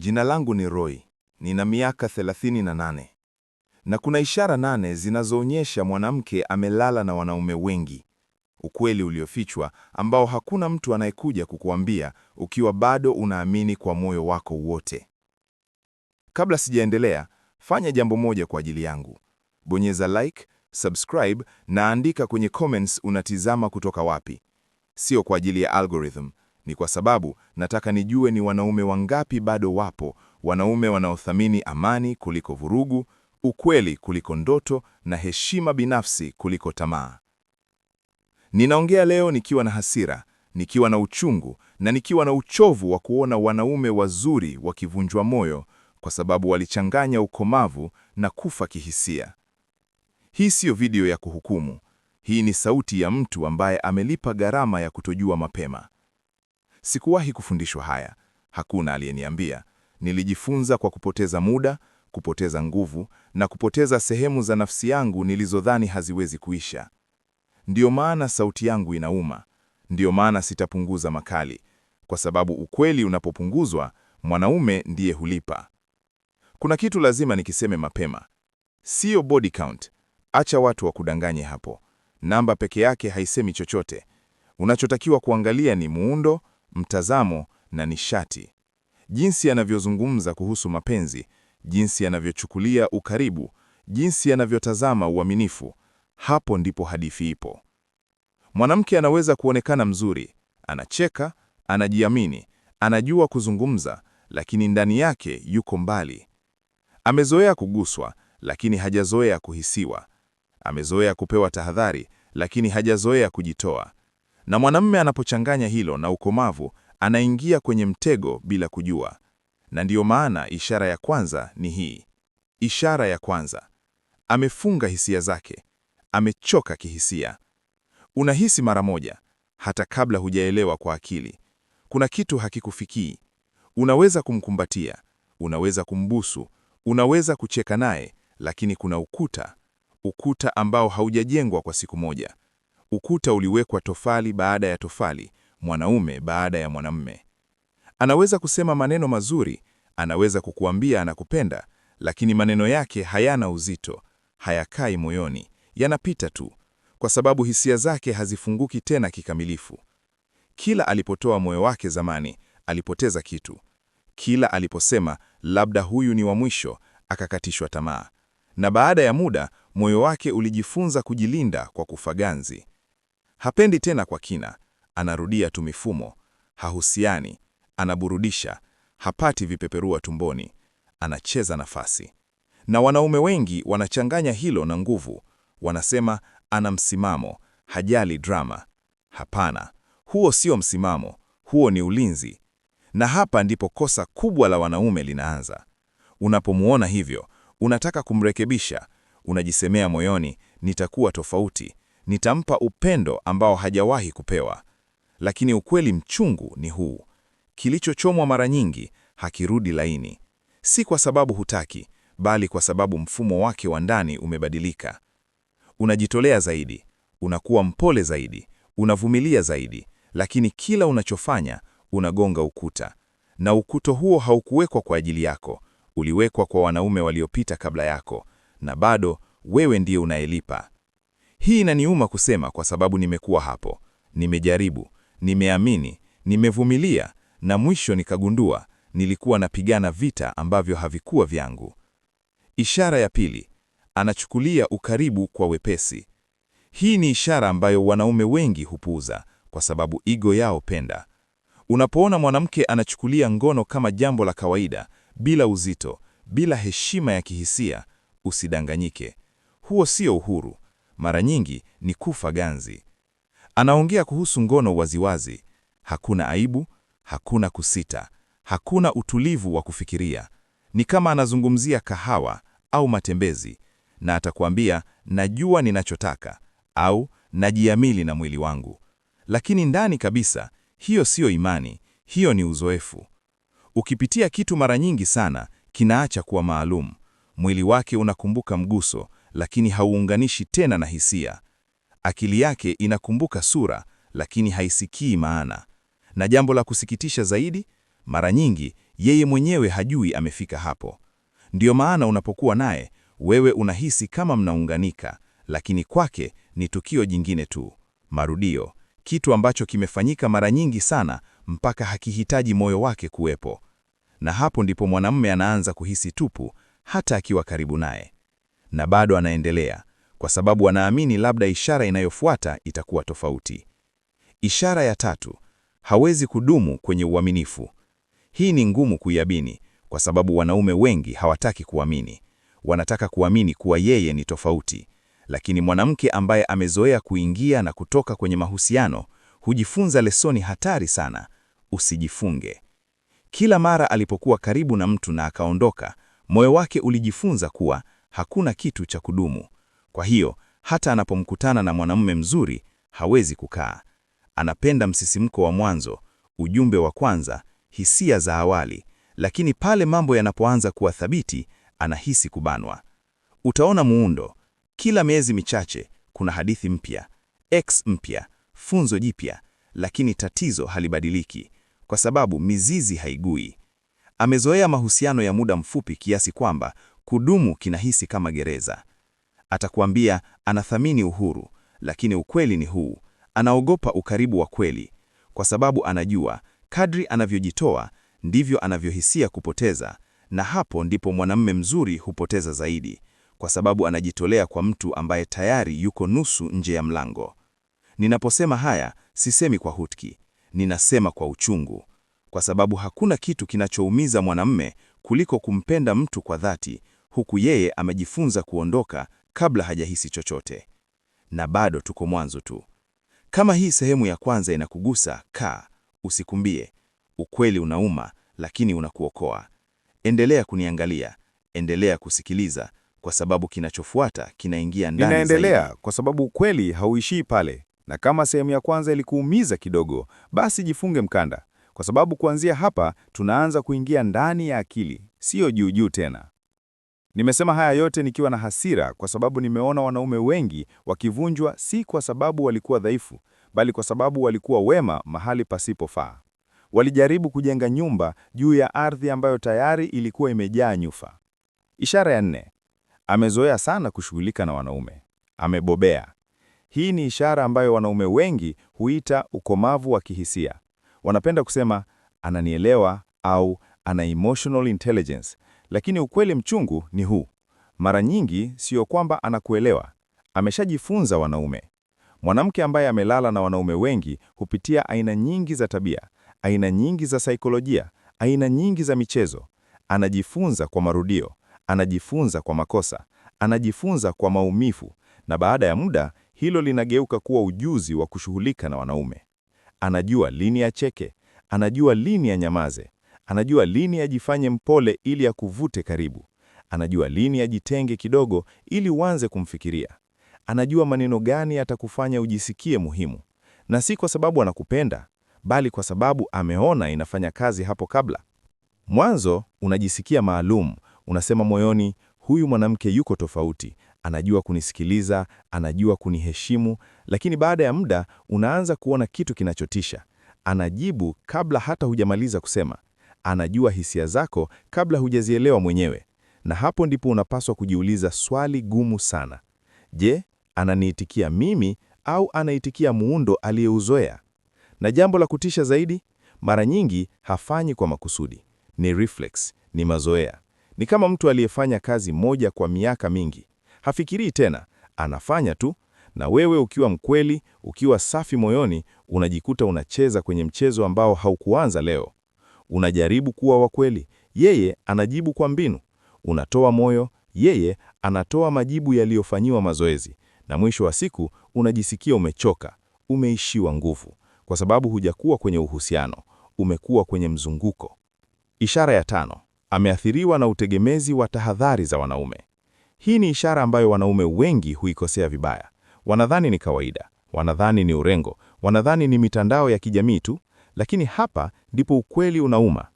Jina langu ni Roy, nina miaka 38 na kuna ishara nane zinazoonyesha mwanamke amelala na wanaume wengi, ukweli uliofichwa ambao hakuna mtu anayekuja kukuambia ukiwa bado unaamini kwa moyo wako wote. Kabla sijaendelea, fanya jambo moja kwa ajili yangu: bonyeza like, subscribe na andika kwenye comments unatizama kutoka wapi. Sio kwa ajili ya algorithm, ni kwa sababu nataka nijue ni wanaume wangapi bado wapo, wanaume wanaothamini amani kuliko vurugu, ukweli kuliko ndoto na heshima binafsi kuliko tamaa. Ninaongea leo nikiwa na hasira, nikiwa na uchungu na nikiwa na uchovu wa kuona wanaume wazuri wakivunjwa moyo kwa sababu walichanganya ukomavu na kufa kihisia. Hii siyo video ya kuhukumu. Hii ni sauti ya mtu ambaye amelipa gharama ya kutojua mapema. Sikuwahi kufundishwa haya, hakuna aliyeniambia. Nilijifunza kwa kupoteza muda, kupoteza nguvu na kupoteza sehemu za nafsi yangu nilizodhani haziwezi kuisha. Ndiyo maana sauti yangu inauma, ndiyo maana sitapunguza makali, kwa sababu ukweli unapopunguzwa, mwanaume ndiye hulipa. Kuna kitu lazima nikiseme mapema, siyo body count. Acha watu wakudanganye hapo, namba peke yake haisemi chochote. Unachotakiwa kuangalia ni muundo, mtazamo na nishati. Jinsi anavyozungumza kuhusu mapenzi, jinsi anavyochukulia ukaribu, jinsi anavyotazama uaminifu, hapo ndipo hadithi ipo. Mwanamke anaweza kuonekana mzuri, anacheka, anajiamini, anajua kuzungumza, lakini ndani yake yuko mbali. Amezoea kuguswa, lakini hajazoea kuhisiwa. Amezoea kupewa tahadhari, lakini hajazoea kujitoa. Na mwanamume anapochanganya hilo na ukomavu, anaingia kwenye mtego bila kujua. Na ndiyo maana ishara ya kwanza ni hii. Ishara ya kwanza, amefunga hisia zake, amechoka kihisia. Unahisi mara moja, hata kabla hujaelewa kwa akili, kuna kitu hakikufikii. Unaweza kumkumbatia, unaweza kumbusu, unaweza kucheka naye, lakini kuna ukuta, ukuta ambao haujajengwa kwa siku moja, Ukuta uliwekwa tofali baada ya tofali, mwanaume baada ya mwanamme. Anaweza kusema maneno mazuri, anaweza kukuambia anakupenda, lakini maneno yake hayana uzito, hayakai moyoni, yanapita tu, kwa sababu hisia zake hazifunguki tena kikamilifu. Kila alipotoa moyo wake zamani, alipoteza kitu. Kila aliposema labda huyu ni wa mwisho, akakatishwa tamaa. Na baada ya muda, moyo wake ulijifunza kujilinda kwa kufaganzi. Hapendi tena kwa kina, anarudia tu mifumo, hahusiani, anaburudisha, hapati vipeperua tumboni, anacheza nafasi. Na wanaume wengi wanachanganya hilo na nguvu, wanasema ana msimamo, hajali drama. Hapana, huo sio msimamo, huo ni ulinzi. Na hapa ndipo kosa kubwa la wanaume linaanza. Unapomuona hivyo, unataka kumrekebisha, unajisemea moyoni, nitakuwa tofauti, nitampa upendo ambao hajawahi kupewa. Lakini ukweli mchungu ni huu: kilichochomwa mara nyingi hakirudi laini, si kwa sababu hutaki, bali kwa sababu mfumo wake wa ndani umebadilika. Unajitolea zaidi, unakuwa mpole zaidi, unavumilia zaidi, lakini kila unachofanya unagonga ukuta, na ukuto huo haukuwekwa kwa ajili yako, uliwekwa kwa wanaume waliopita kabla yako, na bado wewe ndiye unayelipa. Hii inaniuma kusema kwa sababu nimekuwa hapo, nimejaribu, nimeamini, nimevumilia, na mwisho nikagundua nilikuwa napigana vita ambavyo havikuwa vyangu. Ishara ya pili, anachukulia ukaribu kwa wepesi. Hii ni ishara ambayo wanaume wengi hupuuza kwa sababu ego yao penda. Unapoona mwanamke anachukulia ngono kama jambo la kawaida, bila uzito, bila heshima ya kihisia, usidanganyike. Huo sio uhuru, mara nyingi ni kufa ganzi. Anaongea kuhusu ngono waziwazi, hakuna aibu, hakuna kusita, hakuna utulivu wa kufikiria. Ni kama anazungumzia kahawa au matembezi, na atakwambia najua ninachotaka au najiamini na mwili wangu. Lakini ndani kabisa, hiyo siyo imani, hiyo ni uzoefu. Ukipitia kitu mara nyingi sana, kinaacha kuwa maalum. Mwili wake unakumbuka mguso, lakini hauunganishi tena na hisia. Akili yake inakumbuka sura, lakini haisikii maana. Na jambo la kusikitisha zaidi, mara nyingi yeye mwenyewe hajui amefika hapo. Ndiyo maana unapokuwa naye, wewe unahisi kama mnaunganika, lakini kwake ni tukio jingine tu, marudio, kitu ambacho kimefanyika mara nyingi sana mpaka hakihitaji moyo wake kuwepo. Na hapo ndipo mwanamume anaanza kuhisi tupu hata akiwa karibu naye na bado anaendelea kwa sababu anaamini labda ishara inayofuata itakuwa tofauti. Ishara ya tatu, hawezi kudumu kwenye uaminifu. Hii ni ngumu kuiamini kwa sababu wanaume wengi hawataki kuamini. Wanataka kuamini kuwa yeye ni tofauti. Lakini mwanamke ambaye amezoea kuingia na kutoka kwenye mahusiano hujifunza lesoni hatari sana: usijifunge. Kila mara alipokuwa karibu na mtu na akaondoka, moyo wake ulijifunza kuwa hakuna kitu cha kudumu. Kwa hiyo hata anapomkutana na mwanamume mzuri hawezi kukaa. Anapenda msisimko wa mwanzo, ujumbe wa kwanza, hisia za awali, lakini pale mambo yanapoanza kuwa thabiti anahisi kubanwa. Utaona muundo, kila miezi michache kuna hadithi mpya, ex mpya, funzo jipya, lakini tatizo halibadiliki kwa sababu mizizi haigui. Amezoea mahusiano ya muda mfupi kiasi kwamba Kudumu kinahisi kama gereza. Atakuambia anathamini uhuru, lakini ukweli ni huu: anaogopa ukaribu wa kweli, kwa sababu anajua kadri anavyojitoa ndivyo anavyohisia kupoteza, na hapo ndipo mwanamume mzuri hupoteza zaidi, kwa sababu anajitolea kwa mtu ambaye tayari yuko nusu nje ya mlango. Ninaposema haya sisemi kwa hutki, ninasema kwa uchungu, kwa sababu hakuna kitu kinachoumiza mwanamume kuliko kumpenda mtu kwa dhati huku yeye amejifunza kuondoka kabla hajahisi chochote. Na bado tuko mwanzo tu. Kama hii sehemu ya kwanza inakugusa, kaa, usikumbie. Ukweli unauma, lakini unakuokoa. Endelea kuniangalia, endelea kusikiliza, kwa sababu kinachofuata kinaingia ndani. Ninaendelea kwa sababu ukweli hauishii pale, na kama sehemu ya kwanza ilikuumiza kidogo, basi jifunge mkanda, kwa sababu kuanzia hapa tunaanza kuingia ndani ya akili, siyo juu juu tena. Nimesema haya yote nikiwa na hasira kwa sababu nimeona wanaume wengi wakivunjwa si kwa sababu walikuwa dhaifu, bali kwa sababu walikuwa wema mahali pasipofaa. Walijaribu kujenga nyumba juu ya ardhi ambayo tayari ilikuwa imejaa nyufa. Ishara ya nne, amezoea sana kushughulika na wanaume. Amebobea. Hii ni ishara ambayo wanaume wengi huita ukomavu wa kihisia. Wanapenda kusema ananielewa au ana emotional intelligence, lakini ukweli mchungu ni huu: mara nyingi siyo kwamba anakuelewa, ameshajifunza wanaume. Mwanamke ambaye amelala na wanaume wengi hupitia aina nyingi za tabia, aina nyingi za saikolojia, aina nyingi za michezo. Anajifunza kwa marudio, anajifunza kwa makosa, anajifunza kwa maumivu, na baada ya muda hilo linageuka kuwa ujuzi wa kushughulika na wanaume. Anajua lini acheke, anajua lini anyamaze, Anajua lini ajifanye mpole ili akuvute karibu. Anajua lini ajitenge kidogo ili uanze kumfikiria. Anajua maneno gani atakufanya ujisikie muhimu, na si kwa sababu anakupenda, bali kwa sababu ameona inafanya kazi hapo kabla. Mwanzo unajisikia maalum, unasema moyoni, huyu mwanamke yuko tofauti, anajua kunisikiliza, anajua kuniheshimu. Lakini baada ya muda unaanza kuona kitu kinachotisha, anajibu kabla hata hujamaliza kusema anajua hisia zako kabla hujazielewa mwenyewe. Na hapo ndipo unapaswa kujiuliza swali gumu sana. Je, ananiitikia mimi au anaitikia muundo aliyeuzoea? Na jambo la kutisha zaidi, mara nyingi hafanyi kwa makusudi. Ni reflex, ni mazoea. Ni kama mtu aliyefanya kazi moja kwa miaka mingi. Hafikirii tena, anafanya tu. Na wewe ukiwa mkweli, ukiwa safi moyoni, unajikuta unacheza kwenye mchezo ambao haukuanza leo. Unajaribu kuwa wa kweli, yeye anajibu kwa mbinu. Unatoa moyo, yeye anatoa majibu yaliyofanyiwa mazoezi, na mwisho wa siku unajisikia umechoka, umeishiwa nguvu, kwa sababu hujakuwa kwenye uhusiano, umekuwa kwenye mzunguko. Ishara ya tano, ameathiriwa na utegemezi wa tahadhari za wanaume. Hii ni ishara ambayo wanaume wengi huikosea vibaya. Wanadhani ni kawaida, wanadhani ni urengo, wanadhani ni mitandao ya kijamii tu, lakini hapa ndipo ukweli unauma.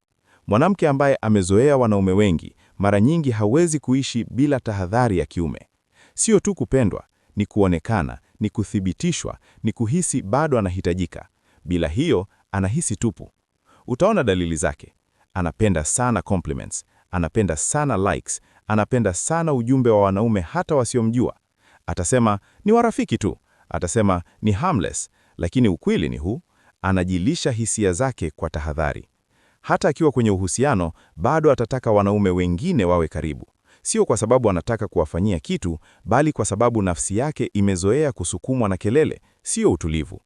Mwanamke ambaye amezoea wanaume wengi mara nyingi hawezi kuishi bila tahadhari ya kiume. Sio tu kupendwa, ni kuonekana, ni kuthibitishwa, ni kuhisi bado anahitajika. Bila hiyo anahisi tupu. Utaona dalili zake. Anapenda sana compliments, anapenda sana likes, anapenda sana ujumbe wa wanaume hata wasiomjua. Atasema ni warafiki tu, atasema ni harmless, lakini ukweli ni huu: anajilisha hisia zake kwa tahadhari. Hata akiwa kwenye uhusiano, bado atataka wanaume wengine wawe karibu, sio kwa sababu anataka kuwafanyia kitu, bali kwa sababu nafsi yake imezoea kusukumwa na kelele, sio utulivu.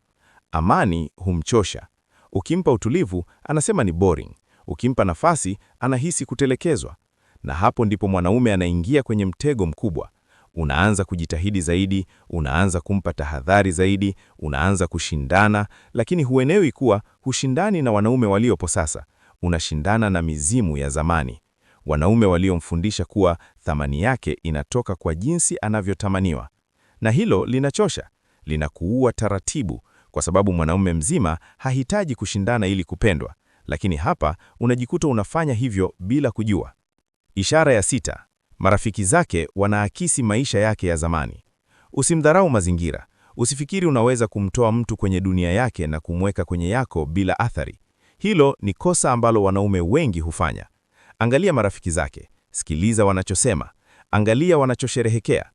Amani humchosha. Ukimpa utulivu, anasema ni boring. Ukimpa nafasi, anahisi kutelekezwa. Na hapo ndipo mwanaume anaingia kwenye mtego mkubwa unaanza kujitahidi zaidi, unaanza kumpa tahadhari zaidi, unaanza kushindana, lakini huenewi kuwa hushindani na wanaume waliopo sasa, unashindana na mizimu ya zamani, wanaume waliomfundisha kuwa thamani yake inatoka kwa jinsi anavyotamaniwa. Na hilo linachosha, linakuua taratibu, kwa sababu mwanaume mzima hahitaji kushindana ili kupendwa, lakini hapa unajikuta unafanya hivyo bila kujua. Ishara ya sita: Marafiki zake wanaakisi maisha yake ya zamani. Usimdharau mazingira. Usifikiri unaweza kumtoa mtu kwenye dunia yake na kumweka kwenye yako bila athari. Hilo ni kosa ambalo wanaume wengi hufanya. Angalia marafiki zake, sikiliza wanachosema, angalia wanachosherehekea.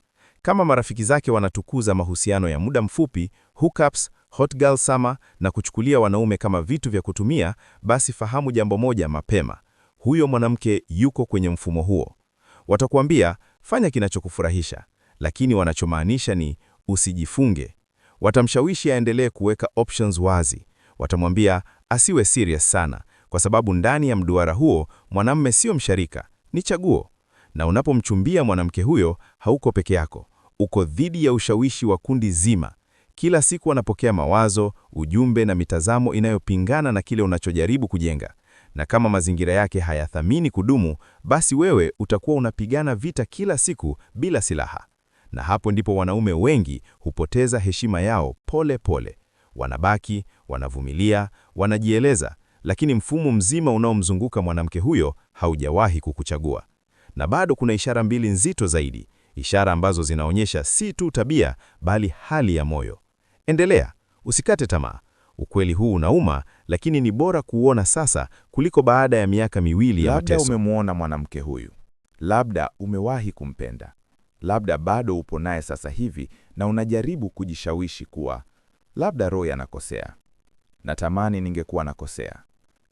Kama marafiki zake wanatukuza mahusiano ya muda mfupi, hookups, hot girl summer na kuchukulia wanaume kama vitu vya kutumia, basi fahamu jambo moja mapema: huyo mwanamke yuko kwenye mfumo huo. Watakuambia fanya kinachokufurahisha, lakini wanachomaanisha ni usijifunge. Watamshawishi aendelee kuweka options wazi. Watamwambia asiwe serious sana, kwa sababu ndani ya mduara huo mwanamme sio msharika, ni chaguo. Na unapomchumbia mwanamke huyo, hauko peke yako, uko dhidi ya ushawishi wa kundi zima. Kila siku wanapokea mawazo, ujumbe na mitazamo inayopingana na kile unachojaribu kujenga na kama mazingira yake hayathamini kudumu, basi wewe utakuwa unapigana vita kila siku bila silaha. Na hapo ndipo wanaume wengi hupoteza heshima yao pole pole. Wanabaki, wanavumilia, wanajieleza, lakini mfumo mzima unaomzunguka mwanamke huyo haujawahi kukuchagua. Na bado kuna ishara mbili nzito zaidi, ishara ambazo zinaonyesha si tu tabia bali hali ya moyo. Endelea, usikate tamaa. Ukweli huu unauma, lakini ni bora kuuona sasa kuliko baada ya miaka miwili ya mateso. Labda umemwona mwanamke huyu, labda umewahi kumpenda, labda bado upo naye sasa hivi na unajaribu kujishawishi kuwa labda Roy anakosea. Natamani ningekuwa nakosea,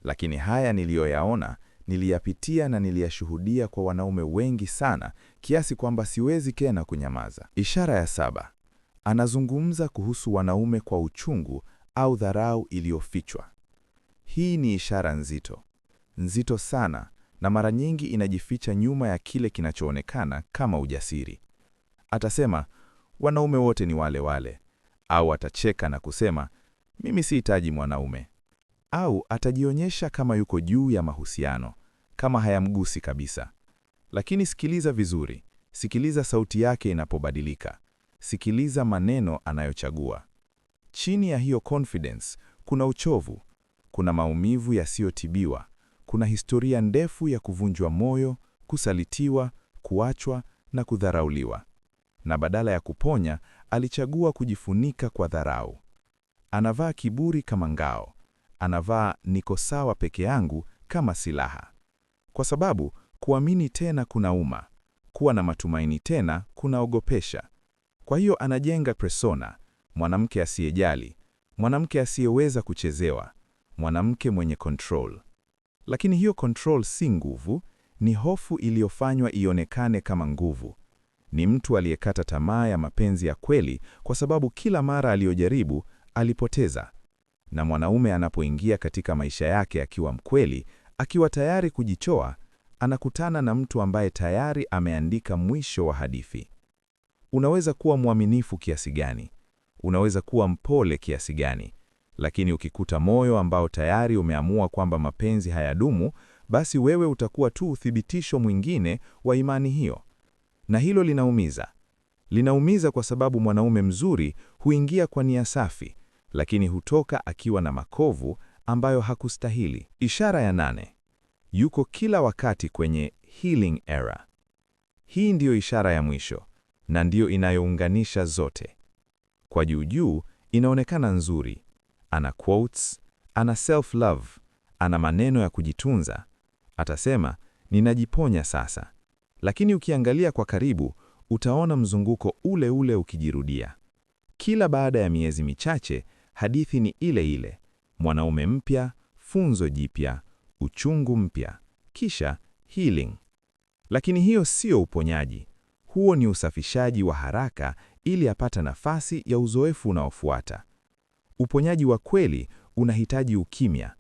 lakini haya niliyoyaona niliyapitia na niliyashuhudia kwa wanaume wengi sana kiasi kwamba siwezi tena kunyamaza. Ishara ya saba, anazungumza kuhusu wanaume kwa uchungu au dharau iliyofichwa. Hii ni ishara nzito, nzito sana, na mara nyingi inajificha nyuma ya kile kinachoonekana kama ujasiri. Atasema wanaume wote ni wale wale, au atacheka na kusema mimi sihitaji mwanaume, au atajionyesha kama yuko juu ya mahusiano, kama hayamgusi kabisa. Lakini sikiliza vizuri, sikiliza sauti yake inapobadilika, sikiliza maneno anayochagua. Chini ya hiyo confidence kuna uchovu, kuna maumivu yasiyotibiwa, kuna historia ndefu ya kuvunjwa moyo, kusalitiwa, kuachwa na kudharauliwa. Na badala ya kuponya, alichagua kujifunika kwa dharau. Anavaa kiburi kama ngao, anavaa niko sawa peke yangu kama silaha, kwa sababu kuamini tena kunauma, kuwa na matumaini tena kunaogopesha. Kwa hiyo anajenga persona, mwanamke asiyejali, mwanamke asiyeweza kuchezewa, mwanamke mwenye control. Lakini hiyo control si nguvu, ni hofu iliyofanywa ionekane kama nguvu. Ni mtu aliyekata tamaa ya mapenzi ya kweli kwa sababu kila mara aliyojaribu alipoteza. Na mwanaume anapoingia katika maisha yake akiwa mkweli, akiwa tayari kujichoa, anakutana na mtu ambaye tayari ameandika mwisho wa hadithi. Unaweza kuwa mwaminifu kiasi gani, unaweza kuwa mpole kiasi gani, lakini ukikuta moyo ambao tayari umeamua kwamba mapenzi hayadumu, basi wewe utakuwa tu uthibitisho mwingine wa imani hiyo. Na hilo linaumiza. Linaumiza kwa sababu mwanaume mzuri huingia kwa nia safi, lakini hutoka akiwa na makovu ambayo hakustahili. Ishara ya nane. Yuko kila wakati kwenye healing era. Hii ndiyo ishara ya mwisho na ndiyo inayounganisha zote. Kwa juujuu inaonekana nzuri, ana quotes, ana self love, ana maneno ya kujitunza. Atasema ninajiponya sasa, lakini ukiangalia kwa karibu utaona mzunguko ule ule ukijirudia. Kila baada ya miezi michache, hadithi ni ile ile: mwanaume mpya, funzo jipya, uchungu mpya, kisha healing. Lakini hiyo sio uponyaji, huo ni usafishaji wa haraka ili apata nafasi ya uzoefu unaofuata. Uponyaji wa kweli unahitaji ukimya,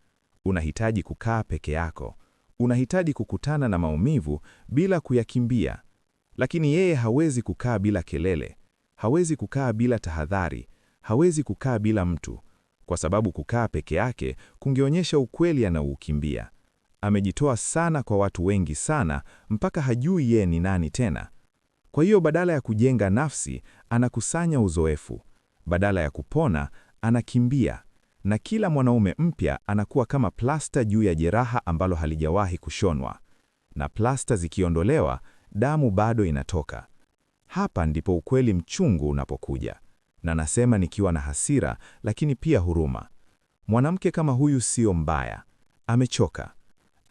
unahitaji kukaa peke yako, unahitaji kukutana na maumivu bila kuyakimbia. Lakini yeye hawezi kukaa bila kelele, hawezi kukaa bila tahadhari, hawezi kukaa bila mtu, kwa sababu kukaa peke yake kungeonyesha ukweli anaoukimbia. Amejitoa sana kwa watu wengi sana, mpaka hajui yeye ni nani tena. Kwa hiyo badala ya kujenga nafsi, anakusanya uzoefu. Badala ya kupona, anakimbia. Na kila mwanaume mpya anakuwa kama plasta juu ya jeraha ambalo halijawahi kushonwa. Na plasta zikiondolewa, damu bado inatoka. Hapa ndipo ukweli mchungu unapokuja. Na nasema nikiwa na hasira, lakini pia huruma. Mwanamke kama huyu sio mbaya. Amechoka.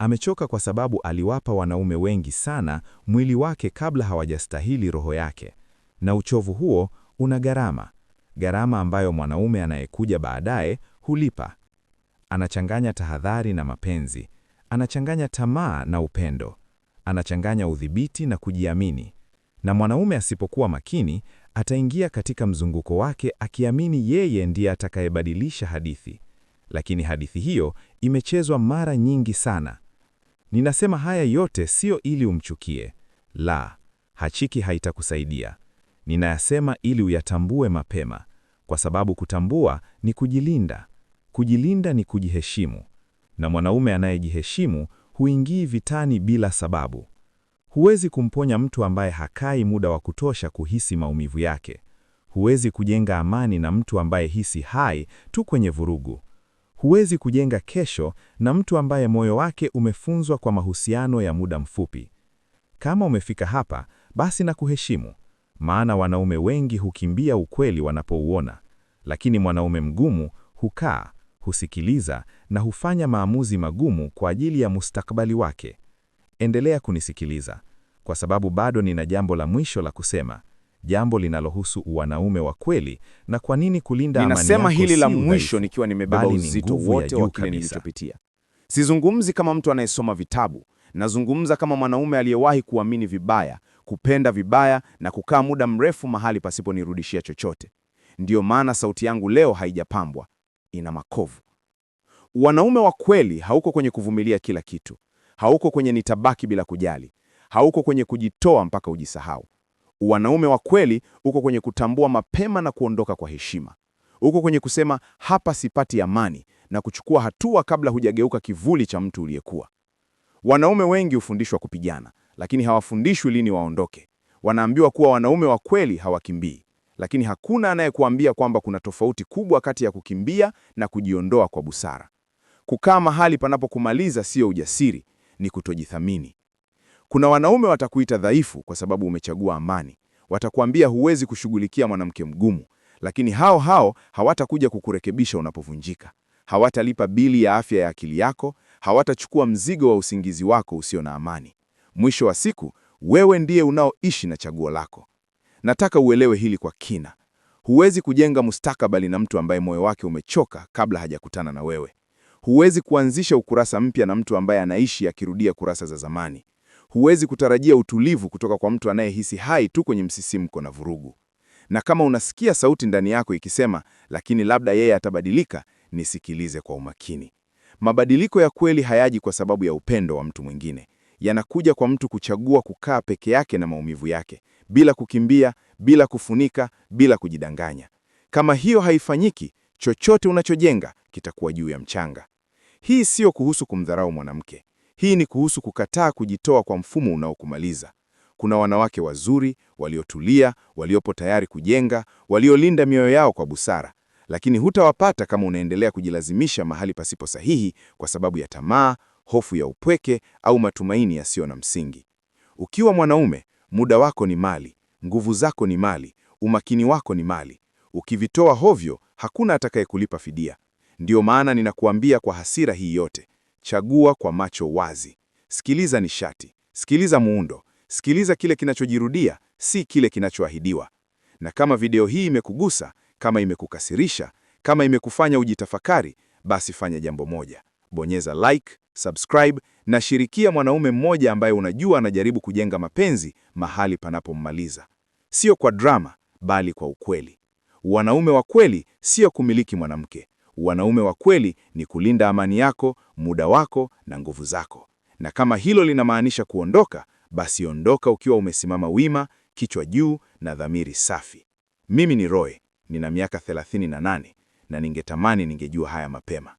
Amechoka kwa sababu aliwapa wanaume wengi sana mwili wake kabla hawajastahili roho yake, na uchovu huo una gharama, gharama ambayo mwanaume anayekuja baadaye hulipa. Anachanganya tahadhari na mapenzi, anachanganya tamaa na upendo, anachanganya udhibiti na kujiamini. Na mwanaume asipokuwa makini, ataingia katika mzunguko wake akiamini yeye ndiye atakayebadilisha hadithi. Lakini hadithi hiyo imechezwa mara nyingi sana. Ninasema haya yote sio ili umchukie, la, hachiki haitakusaidia. Ninayasema ili uyatambue mapema, kwa sababu kutambua ni kujilinda, kujilinda ni kujiheshimu, na mwanaume anayejiheshimu huingii vitani bila sababu. Huwezi kumponya mtu ambaye hakai muda wa kutosha kuhisi maumivu yake. Huwezi kujenga amani na mtu ambaye hisi hai tu kwenye vurugu. Huwezi kujenga kesho na mtu ambaye moyo wake umefunzwa kwa mahusiano ya muda mfupi. Kama umefika hapa, basi na kuheshimu, maana wanaume wengi hukimbia ukweli wanapouona, lakini mwanaume mgumu hukaa, husikiliza na hufanya maamuzi magumu kwa ajili ya mustakabali wake. Endelea kunisikiliza, kwa sababu bado nina jambo la mwisho la kusema jambo linalohusu wanaume wa kweli na kwa nini kulinda amani. Ninasema hili la mwisho nikiwa nimebeba uzito wote wa kile nilichopitia. Sizungumzi kama mtu anayesoma vitabu, nazungumza kama mwanaume aliyewahi kuamini vibaya, kupenda vibaya na kukaa muda mrefu mahali pasiponirudishia chochote. Ndiyo maana sauti yangu leo haijapambwa, ina makovu. Wanaume wa kweli hauko kwenye kuvumilia kila kitu, hauko kwenye nitabaki bila kujali, hauko kwenye kujitoa mpaka ujisahau. Wanaume wa kweli uko kwenye kutambua mapema na kuondoka kwa heshima. Uko kwenye kusema hapa sipati amani na kuchukua hatua kabla hujageuka kivuli cha mtu uliyekuwa. Wanaume wengi hufundishwa kupigana, lakini hawafundishwi lini waondoke. Wanaambiwa kuwa wanaume wa kweli hawakimbii, lakini hakuna anayekuambia kwamba kuna tofauti kubwa kati ya kukimbia na kujiondoa kwa busara. Kukaa mahali panapokumaliza sio ujasiri, ni kutojithamini. Kuna wanaume watakuita dhaifu kwa sababu umechagua amani. Watakuambia huwezi kushughulikia mwanamke mgumu, lakini hao hao hawatakuja kukurekebisha unapovunjika. Hawatalipa bili ya afya ya akili yako, hawatachukua mzigo wa usingizi wako usio na amani. Mwisho wa siku, wewe ndiye unaoishi na chaguo lako. Nataka uelewe hili kwa kina. Huwezi kujenga mustakabali na mtu ambaye moyo wake umechoka kabla hajakutana na wewe. Huwezi kuanzisha ukurasa mpya na mtu ambaye anaishi akirudia kurasa za zamani. Huwezi kutarajia utulivu kutoka kwa mtu anayehisi hai tu kwenye msisimko na vurugu. Na kama unasikia sauti ndani yako ikisema, lakini labda yeye atabadilika, nisikilize kwa umakini. Mabadiliko ya kweli hayaji kwa sababu ya upendo wa mtu mwingine. Yanakuja kwa mtu kuchagua kukaa peke yake na maumivu yake, bila kukimbia, bila kufunika, bila kujidanganya. Kama hiyo haifanyiki, chochote unachojenga kitakuwa juu ya mchanga. Hii sio kuhusu kumdharau mwanamke. Hii ni kuhusu kukataa kujitoa kwa mfumo unaokumaliza. Kuna wanawake wazuri, waliotulia, waliopo tayari kujenga, waliolinda mioyo yao kwa busara, lakini hutawapata kama unaendelea kujilazimisha mahali pasipo sahihi kwa sababu ya tamaa, hofu ya upweke au matumaini yasiyo na msingi. Ukiwa mwanaume, muda wako ni mali, nguvu zako ni mali, umakini wako ni mali. Ukivitoa hovyo, hakuna atakayekulipa fidia. Ndiyo maana ninakuambia kwa hasira hii yote, Chagua kwa macho wazi, sikiliza nishati, sikiliza muundo, sikiliza kile kinachojirudia, si kile kinachoahidiwa. Na kama video hii imekugusa, kama imekukasirisha, kama imekufanya ujitafakari, basi fanya jambo moja: bonyeza like, subscribe na shirikia mwanaume mmoja ambaye unajua anajaribu kujenga mapenzi mahali panapommaliza. Sio kwa drama, bali kwa ukweli. Wanaume wa kweli sio kumiliki mwanamke, Wanaume wa kweli ni kulinda amani yako, muda wako na nguvu zako. Na kama hilo linamaanisha kuondoka, basi ondoka ukiwa umesimama wima, kichwa juu na dhamiri safi. Mimi ni Roy, nina miaka 38 na ningetamani ningejua haya mapema.